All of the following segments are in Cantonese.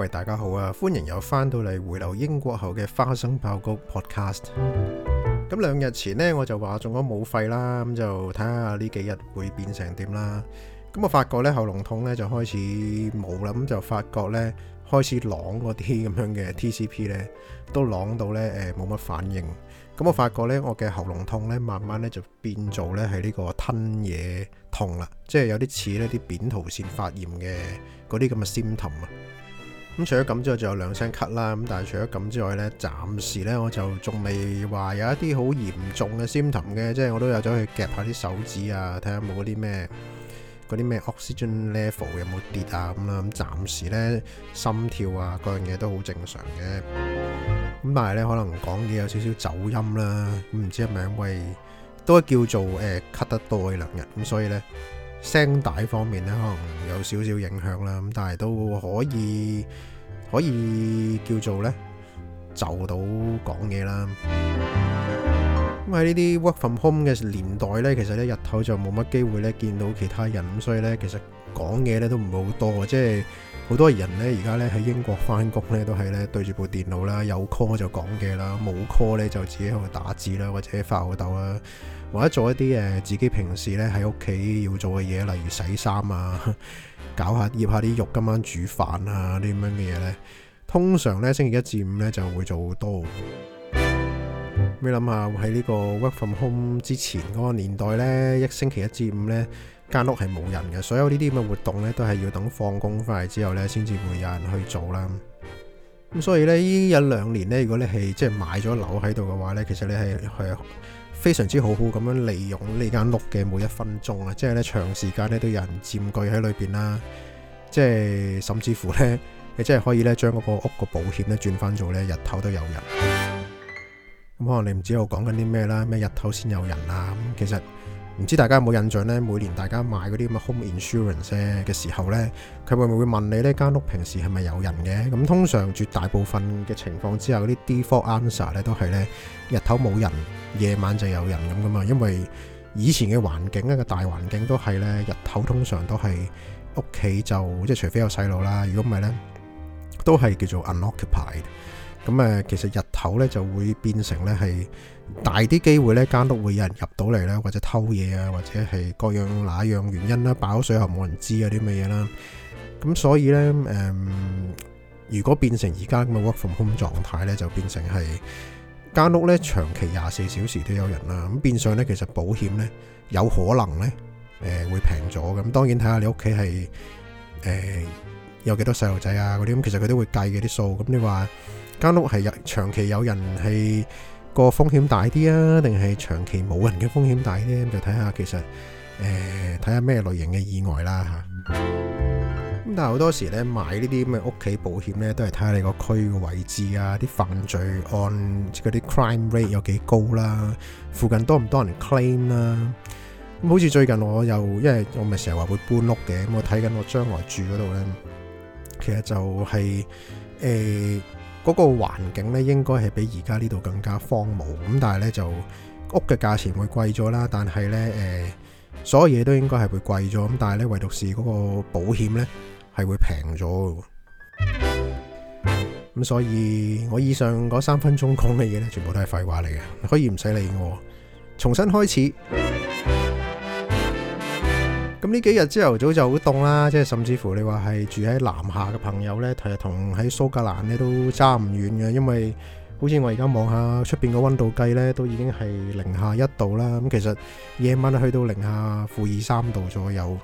喂，大家好啊！歡迎又翻到嚟回流英國後嘅花生爆谷 podcast。咁兩日前咧，我就話中咗武肺啦，咁就睇下呢幾日會變成點啦。咁我發覺咧喉嚨痛咧就開始冇啦，咁就發覺咧開始晾嗰啲咁樣嘅 TCP 咧都晾到咧誒冇乜反應。咁我發覺咧我嘅喉嚨痛咧慢慢咧就變做咧係呢個吞嘢痛啦，即係有啲似咧啲扁桃腺發炎嘅嗰啲咁嘅 symptom 啊。咁除咗咁之外，仲有兩聲咳啦。咁但係除咗咁之外咧，暫時呢，我就仲未話有一啲好嚴重嘅哮喘嘅，即係我都有走去夾一下啲手指啊，睇下冇嗰啲咩嗰啲咩 oxygen level 有冇跌啊咁啦。咁、嗯、暫時呢，心跳啊各樣嘢都好正常嘅。咁但係呢，可能講嘢有少少走音啦，唔知係咪因為都叫做誒、呃、咳得多嗰兩日。咁所以呢。聲帶方面咧，可能有少少影響啦，咁但係都可以可以叫做咧就到講嘢啦。咁喺呢啲 work from home 嘅年代咧，其實咧日頭就冇乜機會咧見到其他人，咁所以咧其實講嘢咧都唔會好多，即係好多人咧而家咧喺英國翻工咧都係咧對住部電腦啦，有 call 就講嘢啦，冇 call 咧就自己喺度打字啦，或者發吽哣啦。或者做一啲誒自己平時咧喺屋企要做嘅嘢，例如洗衫啊、搞下醃下啲肉、今晚煮飯啊啲咁樣嘅嘢咧。通常咧星期一至五咧就會做好多。你諗下喺呢個 work from home 之前嗰個年代咧，一星期一至五咧間屋係冇人嘅，所有呢啲咁嘅活動咧都係要等放工翻嚟之後咧先至會有人去做啦。咁所以咧呢一兩年咧，如果你係即係買咗樓喺度嘅話咧，其實你係去。非常之好好咁樣利用呢間屋嘅每一分鐘啊，即係咧長時間咧都有人佔據喺裏邊啦，即係甚至乎咧，你真係可以咧將嗰個屋個保險咧轉翻做咧日頭都有人。咁、嗯嗯嗯、可能你唔知我講緊啲咩啦，咩日頭先有人啦、啊，其實。唔知大家有冇印象呢？每年大家買嗰啲咁嘅 home insurance 嘅時候呢，佢會唔會問你呢間屋平時係咪有人嘅？咁通常絕大部分嘅情況之下，嗰啲 default answer 呢都係呢：「日頭冇人，夜晚就有人咁噶嘛。因為以前嘅環境一、呢個大環境都係呢，日頭通常都係屋企就即係、就是、除非有細路啦，如果唔係呢，都係叫做 unoccupied。咁誒，其實日頭呢就會變成呢係。大啲機會呢間屋會有人入到嚟呢，或者偷嘢啊，或者係各樣哪樣原因啦，爆水後冇人知嗰啲乜嘢啦。咁所以呢，誒、嗯，如果變成而家咁嘅 work from home 狀態呢，就變成係間屋呢長期廿四小時都有人啦。咁變相呢，其實保險呢有可能呢誒、呃、會平咗。咁當然睇下你屋企係誒有幾多細路仔啊嗰啲。咁其實佢都會計嘅啲數。咁你話間屋係日長期有人係。個風險大啲啊，定係長期冇人嘅風險大啲？咁就睇下，其實誒，睇下咩類型嘅意外啦吓。咁但係好多時咧，買呢啲咁嘅屋企保險咧，都係睇下你個區嘅位置啊，啲犯罪案嗰啲 crime rate 有幾高啦，附近多唔多人 claim 啦。咁好似最近我又，因為我咪成日話會搬屋嘅，咁我睇緊我將來住嗰度咧，其實就係、是、誒。欸嗰個環境咧，應該係比而家呢度更加荒蕪，咁但係呢就屋嘅價錢會貴咗啦，但係呢，誒、呃、所有嘢都應該係會貴咗，咁但係呢，唯獨是嗰個保險呢係會平咗。咁所以我以上嗰三分鐘講嘅嘢呢，全部都係廢話嚟嘅，可以唔使理我，重新開始。咁呢幾日朝頭早就好凍啦，即係甚至乎你話係住喺南下嘅朋友咧，其實同喺蘇格蘭咧都差唔遠嘅，因為好似我而家望下出邊個溫度計咧，都已經係零下一度啦。咁其實夜晚咧去到零下負二三度左右，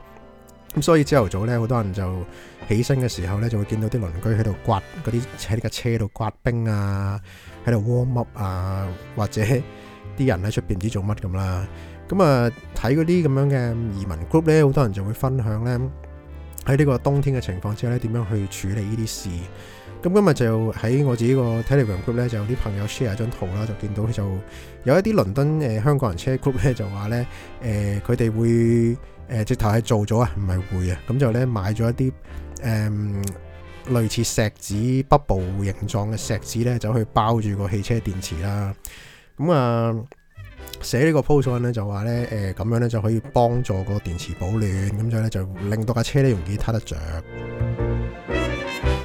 咁所以朝頭早咧，好多人就起身嘅時候咧，就會見到啲鄰居喺度刮嗰啲喺架車度刮冰啊，喺度 warm up 啊，或者啲人喺出邊唔知做乜咁啦。咁啊，睇嗰啲咁樣嘅移民 group 咧，好多人就會分享咧，喺呢個冬天嘅情況之下咧，點樣去處理呢啲事。咁今日就喺我自己個 Telegram group 咧，就有啲朋友 share 一張圖啦，就見到就有一啲倫敦誒、呃、香港人車 group 咧，就話咧誒佢哋會誒、呃、直頭係做咗啊，唔係會啊，咁就咧買咗一啲誒、呃、類似石子北部形狀嘅石子咧，走去包住個汽車電池啦。咁啊～、呃寫呢個 post n 咧就話咧，誒、呃、咁樣咧就可以幫助個電池保暖，咁樣咧就令到架車咧容易撻得着。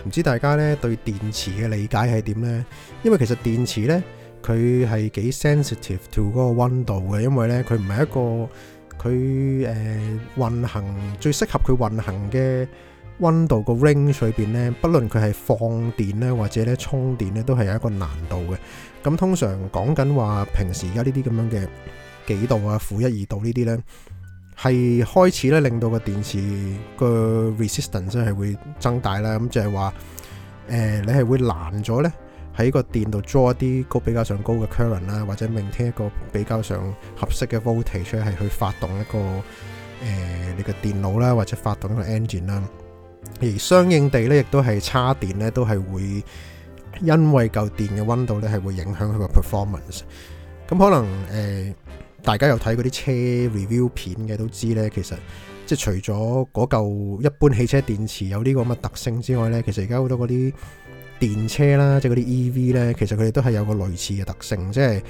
唔知大家咧對電池嘅理解係點呢？因為其實電池呢，佢係幾 sensitive to 嗰個溫度嘅，因為呢，佢唔係一個佢誒、呃、運行最適合佢運行嘅溫度個 range 裏邊咧，不論佢係放電呢或者咧充電呢，都係有一個難度嘅。咁通常講緊話，平時而家呢啲咁樣嘅幾度啊、負一二度呢啲呢，係開始咧令到個電池、呃、呢個電池個 resistance 係會增大啦。咁就係話，誒你係會難咗呢喺個電度 draw 一啲高比較上高嘅 current 啦，或者 maintain 一個比較上合適嘅 voltage 去係去發動一個誒、呃、你嘅電腦啦，或者發動一個 engine 啦。而相應地呢，亦都係差電呢，都係會。因為嚿電嘅溫度咧係會影響佢個 performance，咁可能誒、呃、大家有睇嗰啲車 review 片嘅都知咧，其實即係除咗嗰嚿一般汽車電池有呢個咁嘅特性之外咧，其實而家好多嗰啲電車啦，即係嗰啲 EV 咧，其實佢哋都係有個類似嘅特性，即係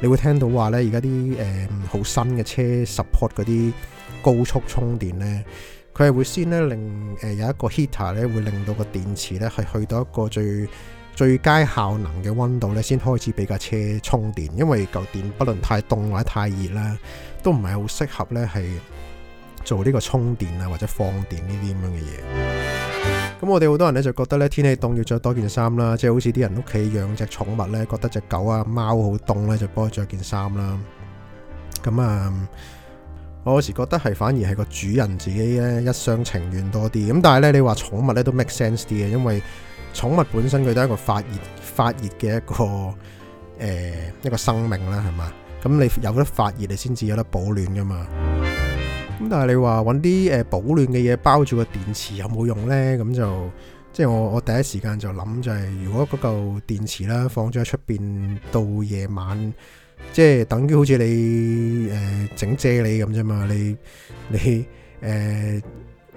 你會聽到話咧，而家啲誒好新嘅車 support 嗰啲高速充電咧，佢係會先咧令誒、呃、有一個 heater 咧，會令到個電池咧係去到一個最最佳效能嘅溫度咧，先開始俾架車充電，因為嚿電不論太凍或者太熱啦，都唔係好適合咧係做呢個充電啊或者放電呢啲咁樣嘅嘢。咁、嗯、我哋好多人咧就覺得咧天氣凍要着多件衫啦，即係好似啲人屋企養隻寵物咧，覺得隻狗啊貓好凍咧，就幫佢着件衫啦。咁啊，我有時覺得係反而係個主人自己咧一廂情願多啲。咁但係咧，你話寵物咧都 make sense 啲嘅，因為。寵物本身佢都係一個發熱發熱嘅一個誒、呃、一個生命啦，係嘛？咁你有得發熱，你先至有得保暖噶嘛。咁但係你話揾啲誒保暖嘅嘢包住個電池有冇用呢？咁就即係我我第一時間就諗就係、是，如果嗰嚿電池啦放咗喺出邊到夜晚，即、就、係、是、等於好似你誒整啫喱咁啫嘛。你你誒。呃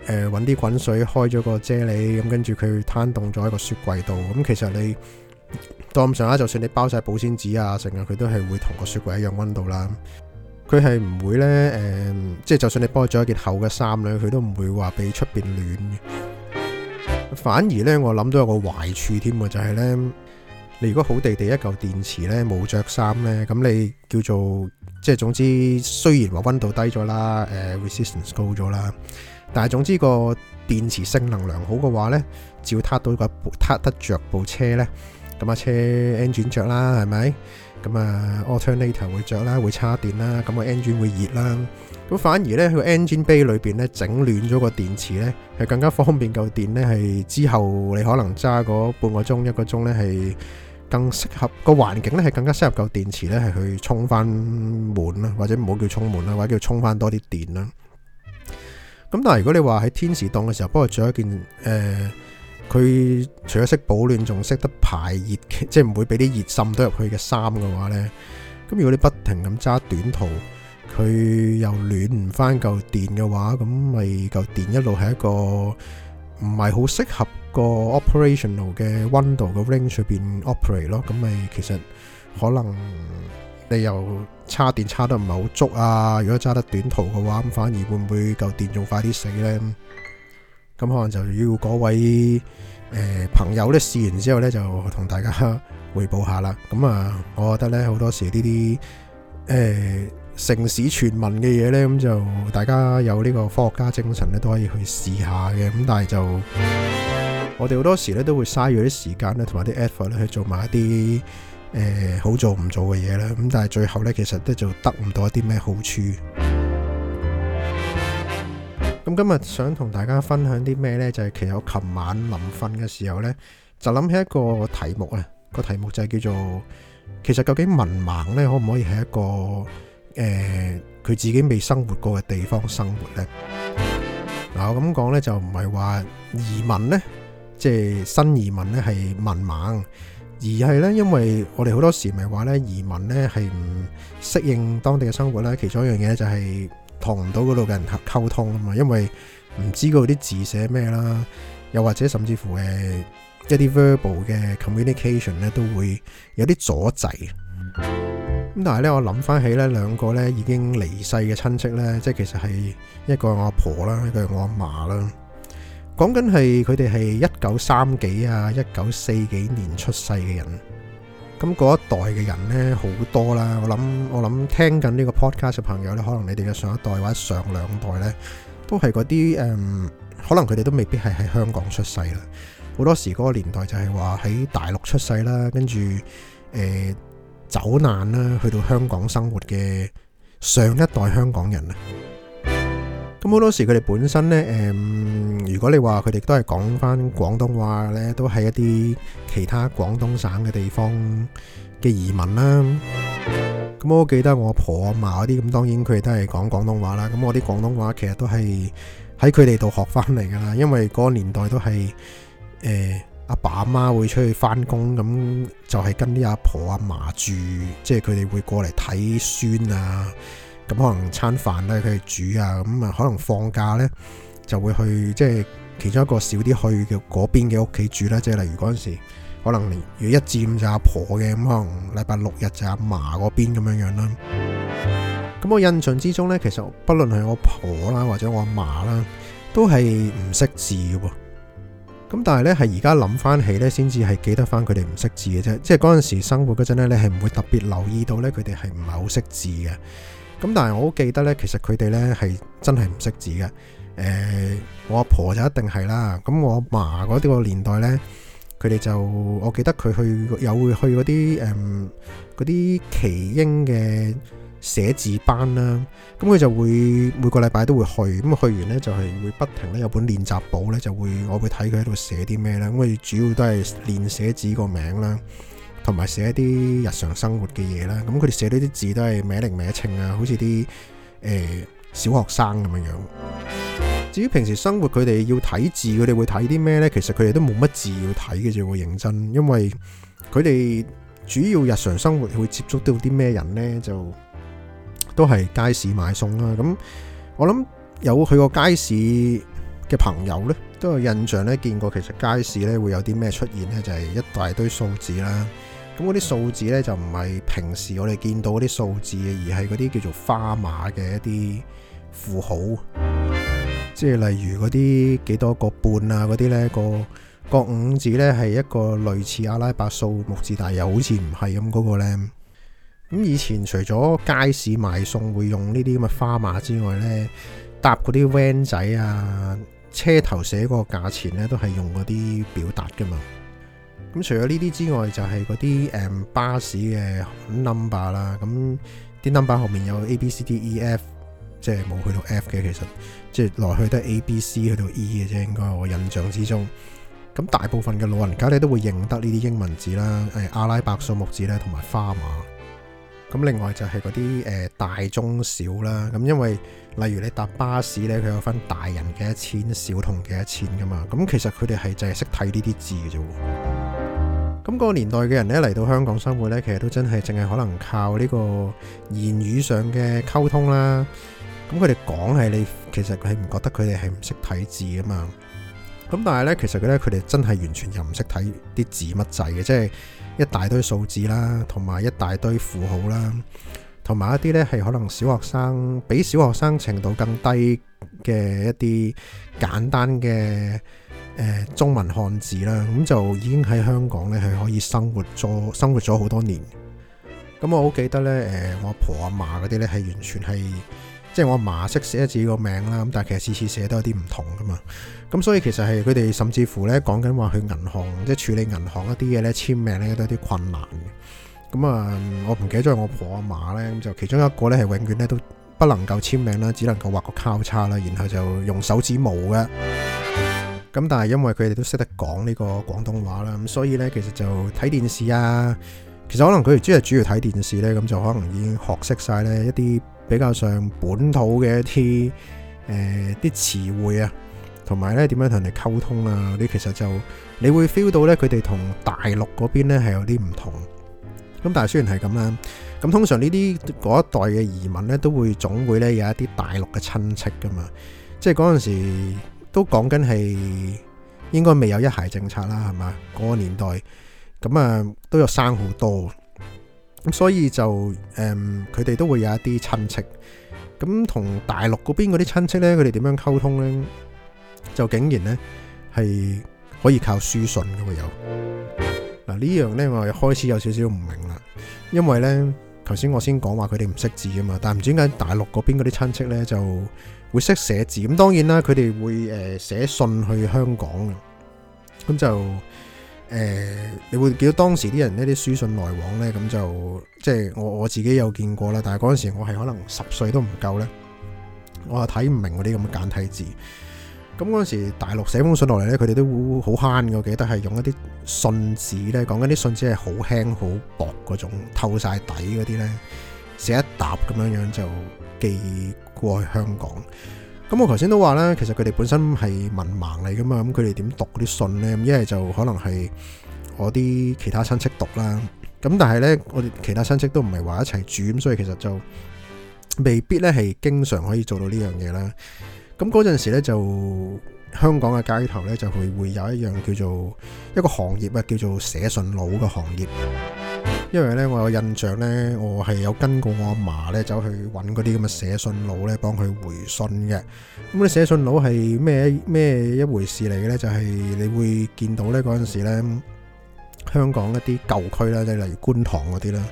誒揾啲滾水開咗個啫喱，咁跟住佢攤凍咗喺個雪櫃度。咁其實你當上想就算你包晒保鮮紙啊，成日佢都係會同個雪櫃一樣温度啦。佢係唔會呢，誒、嗯，即、就、係、是、就算你包咗一件厚嘅衫呢，佢都唔會話俾出邊暖。反而呢，我諗到有個壞處添喎，就係、是、呢，你如果好地地一嚿電池呢，冇着衫呢，咁你叫做即係、就是、總之雖然話温度低咗啦，誒、呃、Resistance 高咗啦。但係總之個電池性能良好嘅話咧，只要撻到個部撻得着部車咧，咁啊車 engine 着啦，係咪？咁啊 alternator 會着啦，會叉電啦，咁啊 engine 會熱啦。咁反而咧佢 engine bay 裏邊咧整暖咗個電池咧係更加方便。嚿電咧係之後你可能揸嗰半個鐘一個鐘咧係更適合個環境咧係更加適合嚿電池咧係去充翻滿啦，或者唔好叫充滿啦，或者叫充翻多啲電啦。咁但係如果你話喺天時凍嘅時候，不過著一件誒，佢除咗識保暖，仲識得排熱，即係唔會俾啲熱滲到入去嘅衫嘅話呢，咁如果你不停咁揸短途，佢又暖唔翻嚿電嘅話，咁咪嚿電一路係一個唔係好適合個 operational 嘅溫度嘅 range 出邊 operate 咯，咁咪其實可能。你又叉電叉得唔係好足啊？如果揸得短途嘅話，咁反而會唔會夠電仲快啲死呢？咁可能就要各位誒、呃、朋友咧試完之後咧，就同大家匯報下啦。咁啊，我覺得咧好多時呢啲誒城市傳聞嘅嘢呢，咁就大家有呢個科學家精神咧，都可以去試下嘅。咁但係就我哋好多時咧都會嘥咗啲時間咧，同埋啲 effort 去做埋一啲。誒、嗯、好做唔做嘅嘢啦，咁但係最後呢，其實咧就得唔到一啲咩好處。咁今日想同大家分享啲咩呢？就係、是、其實我琴晚臨瞓嘅時候呢，就諗起一個題目啊。個題目就係叫做，其實究竟文盲呢，可唔可以喺一個誒佢、呃、自己未生活過嘅地方生活呢？嗱，我咁講呢，就唔係話移民呢，即、就、係、是、新移民呢，係文盲。而係咧，因為我哋好多時咪話咧，移民咧係唔適應當地嘅生活咧。其中一樣嘢就係同唔到嗰度嘅人溝通啊嘛，因為唔知嗰啲字寫咩啦，又或者甚至乎誒一啲 verbal 嘅 communication 咧都會有啲阻滯。咁但係咧，我諗翻起咧兩個咧已經離世嘅親戚咧，即係其實係一個係我阿婆啦，一個係我阿嫲啦。講緊係佢哋係一九三幾啊，一九四幾年出世嘅人，咁嗰一代嘅人呢，好多啦。我諗我諗聽緊呢個 podcast 嘅朋友呢，可能你哋嘅上一代或者上兩代呢，都係嗰啲誒，可能佢哋都未必係喺香港出世啦。好多時嗰個年代就係話喺大陸出世啦，跟住誒走難啦，去到香港生活嘅上一代香港人啊。咁好多時佢哋本身呢，嗯、如果你話佢哋都係講翻廣東話呢，都係一啲其他廣東省嘅地方嘅移民啦。咁我記得我阿婆阿嫲嗰啲，咁當然佢哋都係講廣東話啦。咁我啲廣東話其實都係喺佢哋度學翻嚟㗎啦。因為嗰個年代都係呃、阿爸阿媽會出去翻工，咁就係跟啲阿婆阿嫲住，即係佢哋會過嚟睇孫啊。咁可能餐飯咧，佢哋煮啊，咁啊，可能放假呢，就會去即係、就是、其中一個少啲去嘅嗰邊嘅屋企住啦。即、就、係、是、例如嗰陣時，可能如一至五就阿婆嘅，咁可能禮拜六日就阿嫲嗰邊咁樣樣啦。咁我印象之中呢，其實不論係我婆啦或者我阿嫲啦，都係唔識字嘅。咁但係呢，係而家諗翻起呢，先至係記得翻佢哋唔識字嘅啫。即係嗰陣時生活嗰陣呢，你係唔會特別留意到呢，佢哋係唔係好識字嘅。咁但係我好記得呢，其實佢哋呢係真係唔識字嘅。誒、呃，我阿婆就一定係啦。咁我阿嫲嗰啲個年代呢，佢哋就我記得，佢去又會去嗰啲誒嗰啲耆英嘅寫字班啦。咁佢就會每個禮拜都會去，咁去完呢，就係會不停咧，有本練習簿呢，就會我會睇佢喺度寫啲咩啦。咁佢主要都係練寫字個名啦。同埋寫啲日常生活嘅嘢啦，咁佢哋寫呢啲字都係歪零歪稱啊，好似啲、呃、小學生咁樣樣。至於平時生活，佢哋要睇字，佢哋會睇啲咩呢？其實佢哋都冇乜字要睇嘅啫會認真，因為佢哋主要日常生活會接觸到啲咩人呢？就都係街市買餸啦。咁我諗有去過街市嘅朋友呢，都有印象呢。見過其實街市呢會有啲咩出現呢？就係、是、一大堆數字啦。咁嗰啲數字咧就唔係平時我哋見到嗰啲數字嘅，而係嗰啲叫做花碼嘅一啲符號，即係例如嗰啲幾多個半啊嗰啲呢，個、嗰個五字呢係一個類似阿拉伯數目字，但又好似唔係咁嗰個咧。咁以前除咗街市賣餸會用呢啲咁嘅花碼之外呢，搭嗰啲 van 仔啊，車頭寫個價錢呢，都係用嗰啲表達噶嘛。咁、嗯、除咗呢啲之外，就係嗰啲誒巴士嘅 number 啦。咁啲 number 後面有 A、B、C、D、E、F，即係冇去到 F 嘅。其實即係來去都係 A、B、C 去到 E 嘅啫。應該係我印象之中，咁大部分嘅老人家咧都會認得呢啲英文字啦，誒、哎、阿拉伯數目字咧，同埋花碼。咁另外就係嗰啲誒大中小啦。咁因為例如你搭巴士咧，佢有分大人幾多錢，小童幾多錢噶嘛。咁其實佢哋係淨係識睇呢啲字嘅啫。咁嗰個年代嘅人咧，嚟到香港生活呢，其實都真係淨係可能靠呢個言語上嘅溝通啦。咁佢哋講係你，其實係唔覺得佢哋係唔識睇字啊嘛。咁但係呢，其實佢咧，佢哋真係完全又唔識睇啲字乜仔嘅，即係一大堆數字啦，同埋一大堆符號啦，同埋一啲呢，係可能小學生比小學生程度更低嘅一啲簡單嘅，呃、中文漢字啦，咁、嗯、就已經喺香港咧，係可以生活咗生活咗好多年。咁、嗯、我好記得咧，誒、呃、我阿婆阿嫲嗰啲咧係完全係即係我阿嫲識寫自己個名啦，咁但係其實次次寫都有啲唔同噶嘛。咁、嗯、所以其實係佢哋甚至乎咧講緊話去銀行即係、就是、處理銀行一啲嘢咧，簽名咧都有啲困難嘅。咁、嗯、啊，我唔記得咗我阿婆阿嫲咧，咁就其中一個咧係永遠咧都不能夠簽名啦，只能夠畫個交叉啦，然後就用手指模嘅。咁但係因為佢哋都識得講呢個廣東話啦，咁所以呢，其實就睇電視啊，其實可能佢哋即係主要睇電視呢，咁就可能已經學識晒呢一啲比較上本土嘅一啲誒啲詞彙啊，同埋呢點樣同人哋溝通啊，你其實就你會 feel 到呢，佢哋同大陸嗰邊呢係有啲唔同。咁但係雖然係咁啦，咁通常呢啲嗰一代嘅移民呢，都會總會呢有一啲大陸嘅親戚噶嘛，即係嗰陣時。都講緊係應該未有一孩政策啦，係嘛？嗰個年代咁啊，都有生好多咁，所以就佢哋、嗯、都會有一啲親戚咁，同大陸嗰邊嗰啲親戚呢，佢哋點樣溝通呢？就竟然呢，係可以靠書信嘅喎，有嗱呢樣呢，我開始有少少唔明啦，因為呢。頭先我先講話佢哋唔識字啊嘛，但唔知點解大陸嗰邊嗰啲親戚咧就會識寫字咁，當然啦，佢哋會誒寫信去香港嘅，咁就誒你會見到當時啲人咧，啲書信來往咧，咁就即係我我自己有見過啦，但係嗰陣時我係可能十歲都唔夠咧，我係睇唔明嗰啲咁嘅簡體字。咁嗰陣時，大陸寫封信落嚟咧，佢哋都會好慳嘅。我記得係用一啲信紙咧，講緊啲信紙係好輕、好薄嗰種，透晒底嗰啲咧，寫一沓咁樣樣就寄過去香港。咁我頭先都話咧，其實佢哋本身係文盲嚟㗎嘛，咁佢哋點讀啲信咧？一係就可能係我啲其他親戚讀啦。咁但係咧，我哋其他親戚都唔係話一齊住，咁所以其實就未必咧係經常可以做到呢樣嘢啦。咁嗰陣時咧，就香港嘅街頭咧，就會會有一樣叫做一個行業啊，叫做寫信佬嘅行業。因為咧，我有印象咧，我係有跟過我阿嫲咧，走去揾嗰啲咁嘅寫信佬咧，幫佢回信嘅。咁啲寫信佬係咩咩一回事嚟嘅咧？就係你會見到咧嗰陣時咧，香港一啲舊區啦，即係例如觀塘嗰啲啦，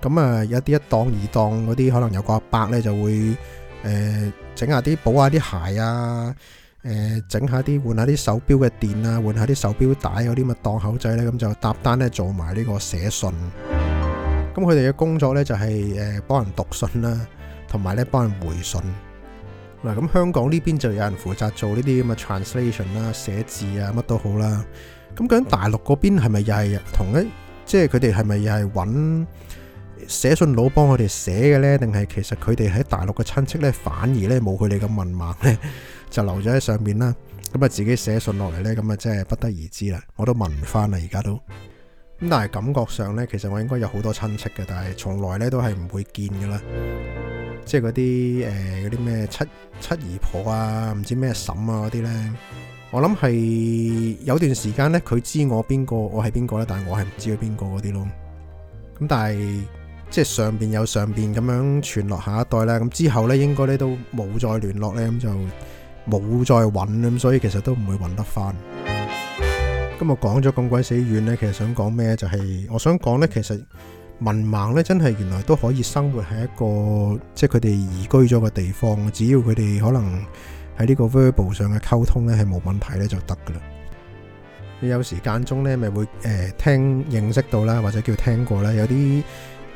咁啊有一啲一檔二檔嗰啲，可能有個阿伯咧就會。誒，整下啲補下啲鞋啊，誒，整下啲換下啲手錶嘅電啊，換下啲手錶帶嗰啲咁嘅檔口仔咧，咁就搭單咧做埋呢個寫信。咁佢哋嘅工作咧就係誒幫人讀信啦，同埋咧幫人回信。嗱，咁香港呢邊就有人負責做呢啲咁嘅 translation 啦，寫字啊乜都好啦。咁究竟大陸嗰邊係咪又係同一，即係佢哋係咪又係揾？寫信佬幫佢哋寫嘅呢，定係其實佢哋喺大陸嘅親戚呢，反而呢冇佢哋咁文盲呢，就留咗喺上面啦。咁啊，自己寫信落嚟呢，咁啊，真係不得而知啦。我都問翻啦，而家都。咁但係感覺上呢，其實我應該有好多親戚嘅，但係從來呢都係唔會見噶啦。即係嗰啲誒嗰啲咩七七姨婆啊，唔知咩嬸啊嗰啲呢。我諗係有段時間呢，佢知我邊個，我係邊個呢，但係我係唔知佢邊個嗰啲咯。咁但係。即係上邊有上邊咁樣傳落下一代咧，咁之後咧，應該咧都冇再聯絡咧，咁就冇再揾，咁，所以其實都唔會揾得翻。今日講咗咁鬼死遠咧，其實想講咩就係我想講咧，其實文盲咧真係原來都可以生活喺一個即係佢哋移居咗嘅地方，只要佢哋可能喺呢個 verbal 上嘅溝通咧係冇問題咧就得噶啦。你有時間中咧咪會誒聽認識到啦，或者叫聽過啦，有啲。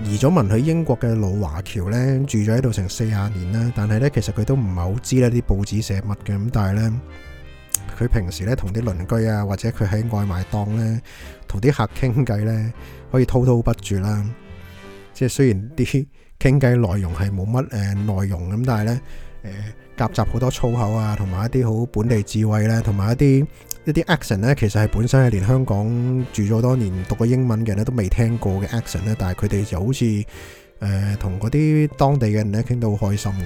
移咗民去英國嘅老華僑呢，住咗喺度成四十年啦。但係呢，其實佢都唔係好知呢啲報紙寫乜嘅。咁但係呢，佢平時呢，同啲鄰居啊，或者佢喺外賣檔呢，同啲客傾偈呢，可以滔滔不絕啦。即係雖然啲傾偈內容係冇乜誒內容咁，但係呢，誒、呃、夾雜好多粗口啊，同埋一啲好本地智慧呢，同埋一啲。一啲 action 咧，其實係本身係連香港住咗多年、讀過英文嘅人咧都未聽過嘅 action 咧，但係佢哋就好似誒同嗰啲當地嘅人咧傾得好開心嘅。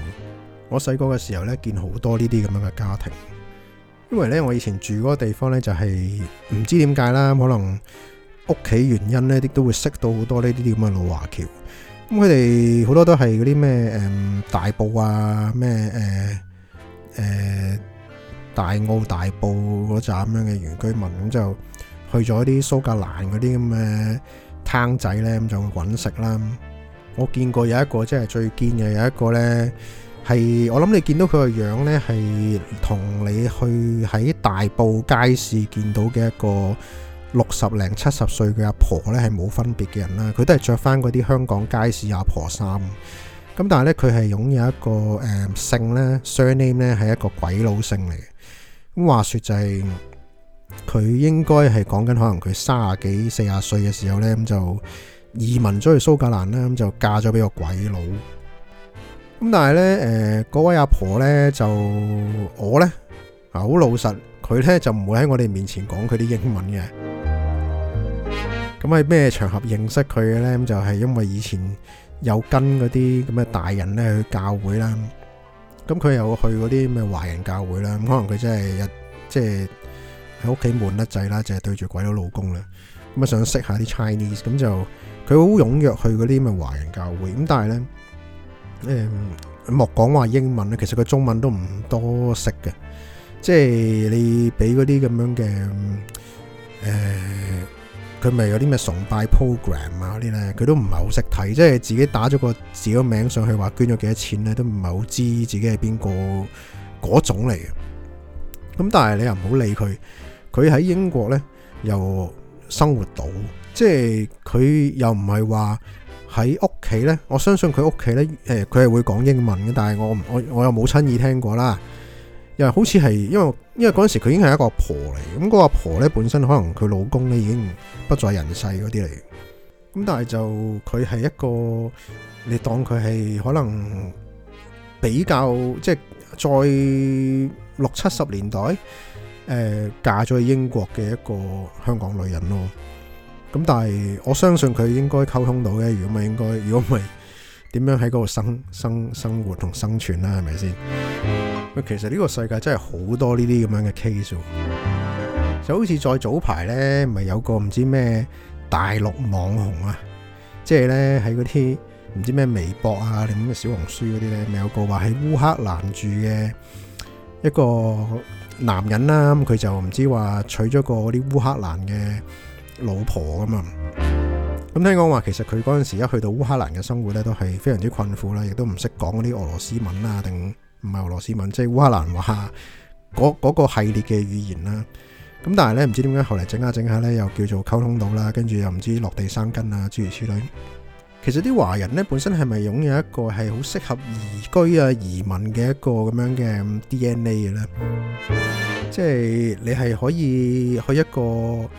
我細個嘅時候咧，見好多呢啲咁樣嘅家庭，因為咧我以前住嗰個地方咧就係、是、唔知點解啦，可能屋企原因咧，亦都會識到好多呢啲咁嘅老華僑。咁佢哋好多都係嗰啲咩誒大埔啊，咩誒誒。呃呃大澳大埔嗰扎咁樣嘅原居民，咁就去咗啲蘇格蘭嗰啲咁嘅攤仔咧，咁就揾食啦。我見過有一個即係最堅嘅，有一個呢，係我諗你見到佢個樣呢，係同你去喺大埔街市見到嘅一個六十零七十歲嘅阿婆呢，係冇分別嘅人啦。佢都係着翻嗰啲香港街市阿婆衫，咁但係呢，佢係擁有一個誒、嗯、姓呢，surname 咧係一個鬼佬姓嚟嘅。咁話說就係、是、佢應該係講緊，可能佢三十幾四十歲嘅時候呢，咁就移民咗去蘇格蘭啦，咁就嫁咗俾個鬼佬。咁但係呢，誒、呃、嗰位阿婆，婆呢，就我呢，啊好老實，佢呢就唔會喺我哋面前講佢啲英文嘅。咁係咩場合認識佢嘅呢？咁就係、是、因為以前有跟嗰啲咁嘅大人呢去教會啦。咁佢又去嗰啲咩華人教會啦，咁可能佢真係日即係喺屋企悶得滯啦，就係對住鬼佬老公啦，咁啊想識下啲 Chinese，咁就佢好踴躍去嗰啲咩華人教會，咁、就是就是就是、但係咧，誒、嗯、莫講話英文咧，其實佢中文都唔多識嘅，即、就、係、是、你俾嗰啲咁樣嘅誒。嗯佢咪有啲咩崇拜 program 啊嗰啲咧，佢都唔係好識睇，即係自己打咗個自己個名上去，話捐咗幾多錢咧，都唔係好知自己係邊個嗰種嚟嘅。咁但係你又唔好理佢，佢喺英國咧又生活到，即係佢又唔係話喺屋企咧。我相信佢屋企咧，誒佢係會講英文嘅，但係我我我又冇親耳聽過啦。又好似係，因為因為嗰陣時佢已經係一個阿婆嚟嘅，咁個阿婆咧本身可能佢老公咧已經不在人世嗰啲嚟，咁但係就佢係一個，你當佢係可能比較即係在六七十年代，誒，呃，嫁咗去英國嘅一個香港女人咯，咁但係我相信佢應該溝通到嘅，如果唔係應該，如果唔係點樣喺嗰度生生生活同生存啦，係咪先？其實呢個世界真係好多呢啲咁樣嘅 case，就好似再早排呢，咪有個唔知咩大陸網紅啊，即係呢喺嗰啲唔知咩微博啊，定咩小紅書嗰啲呢，咪有個話喺烏克蘭住嘅一個男人啦，咁，佢就唔知話娶咗個嗰啲烏克蘭嘅老婆噶嘛，咁聽講話其實佢嗰陣時一去到烏克蘭嘅生活呢，都係非常之困苦啦，亦都唔識講嗰啲俄羅斯文啊，定。唔係俄羅斯文，即係烏克蘭話嗰嗰個系列嘅語言啦。咁但係咧，唔知點解後嚟，整下整下咧，又叫做溝通到啦，跟住又唔知落地生根啊，諸如此類。其實啲華人咧本身係咪擁有一個係好適合移居啊、移民嘅一個咁樣嘅 DNA 嘅咧？即係你係可以去一個誒，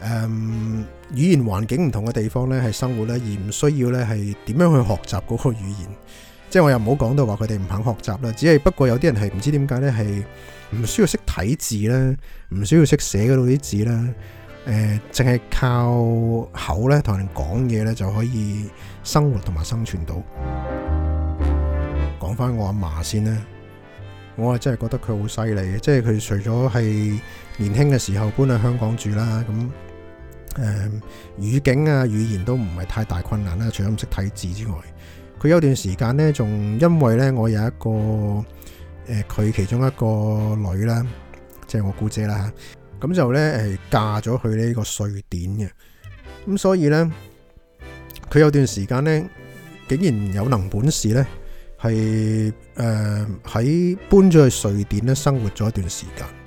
語言環境唔同嘅地方咧，係生活咧，而唔需要咧係點樣去學習嗰個語言。即係我又唔好講到話佢哋唔肯學習啦，只係不過有啲人係唔知點解咧，係唔需要識睇字咧，唔需要識寫嗰度啲字咧，誒、呃，淨係靠口咧同人講嘢咧就可以生活同埋生存到。講翻我阿嫲先啦，我啊真係覺得佢好犀利嘅，即係佢除咗係年輕嘅時候搬去香港住啦，咁誒、呃，語境啊語言都唔係太大困難啦，除咗唔識睇字之外。佢有段時間咧，仲因為咧，我有一個誒，佢、呃、其中一個女啦，即係我姑姐啦嚇，咁、啊、就咧誒嫁咗去呢個瑞典嘅，咁所以咧，佢有段時間咧，竟然有能本事咧，係誒喺搬咗去瑞典咧生活咗一段時間。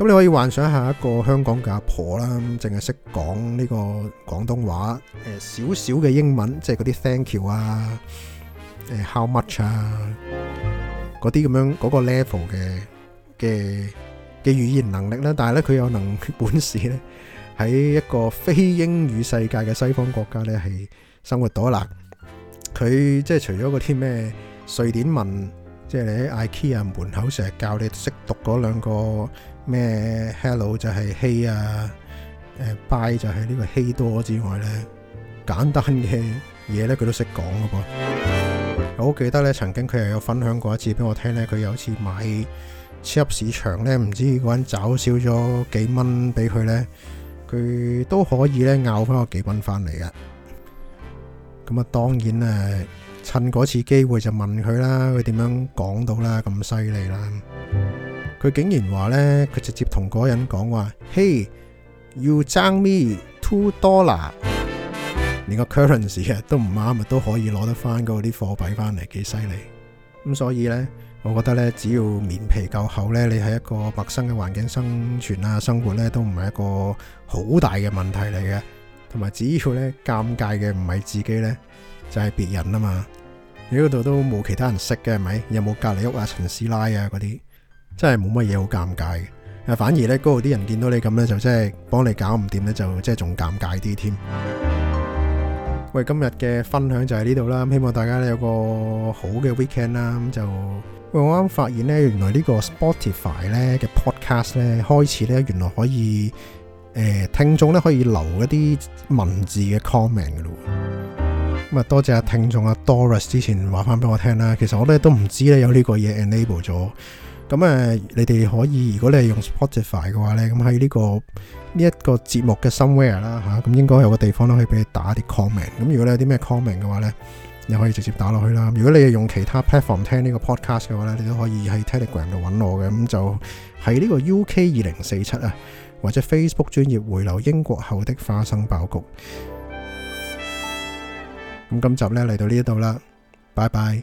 咁你可以幻想一下一個香港嘅阿婆啦，淨係識講呢個廣東話，誒少少嘅英文，即係嗰啲 thank you 啊，誒、呃、how much 啊，嗰啲咁樣嗰、嗰個 level 嘅嘅嘅語言能力啦。但係咧，佢有能本事咧，喺一個非英語世界嘅西方國家咧，係生活到啦。佢即係除咗嗰啲咩瑞典文，即係你喺 IKEA 門口成日教你識讀嗰兩個。咩 hello 就係 hi 啊，誒 bye 就係呢個 hi 多之外呢，簡單嘅嘢呢，佢都識講嘅噃。我好記得呢，曾經佢又有分享過一次俾我聽呢，佢有一次買超級市場呢，唔知個人找少咗幾蚊俾佢呢，佢都可以呢，咬翻個幾蚊返嚟嘅。咁啊，當然咧，趁嗰次機會就問佢啦，佢點樣講到啦，咁犀利啦！佢竟然話呢，佢直接同嗰人講話：Hey，you，charge me two dollar。連個 currency 啊都唔啱啊，都可以攞得翻嗰啲貨幣翻嚟，幾犀利。咁所以呢，我覺得呢，只要面皮夠厚呢，你喺一個陌生嘅環境生存啊、生活呢、啊，都唔係一個好大嘅問題嚟嘅。同埋，只要呢，尷尬嘅唔係自己呢，就係、是、別人啊嘛。你嗰度都冇其他人識嘅係咪？有冇隔籬屋啊、陳師奶啊嗰啲？真係冇乜嘢好尷尬嘅，反而呢嗰度啲人見到你咁呢，就真係幫你搞唔掂呢，就即係仲尷尬啲添。喂，今日嘅分享就喺呢度啦，希望大家呢有個好嘅 weekend 啦。咁就喂，我啱發現呢，原來呢個 Spotify 呢嘅 podcast 呢開始呢，原來可以誒、呃、聽眾呢可以留一啲文字嘅 comment 噶咯。咁啊，多謝聽眾阿 Doris 之前話翻俾我聽啦。其實我咧都唔知呢有呢個嘢 enable 咗。咁誒，你哋可以，如果你係用 Spotify 嘅話咧，咁喺呢個呢一個節目嘅 Somewhere 啦嚇，咁應該有個地方都可以俾你打啲 comment。咁如果你有啲咩 comment 嘅話咧，你可以直接打落去啦。如果你係用其他 platform 聽呢個 podcast 嘅話咧，你都可以喺 Telegram 度揾我嘅。咁就喺呢個 UK 二零四七啊，或者 Facebook 專頁回流英國後的花生爆谷。咁今集咧嚟到呢一度啦，拜拜。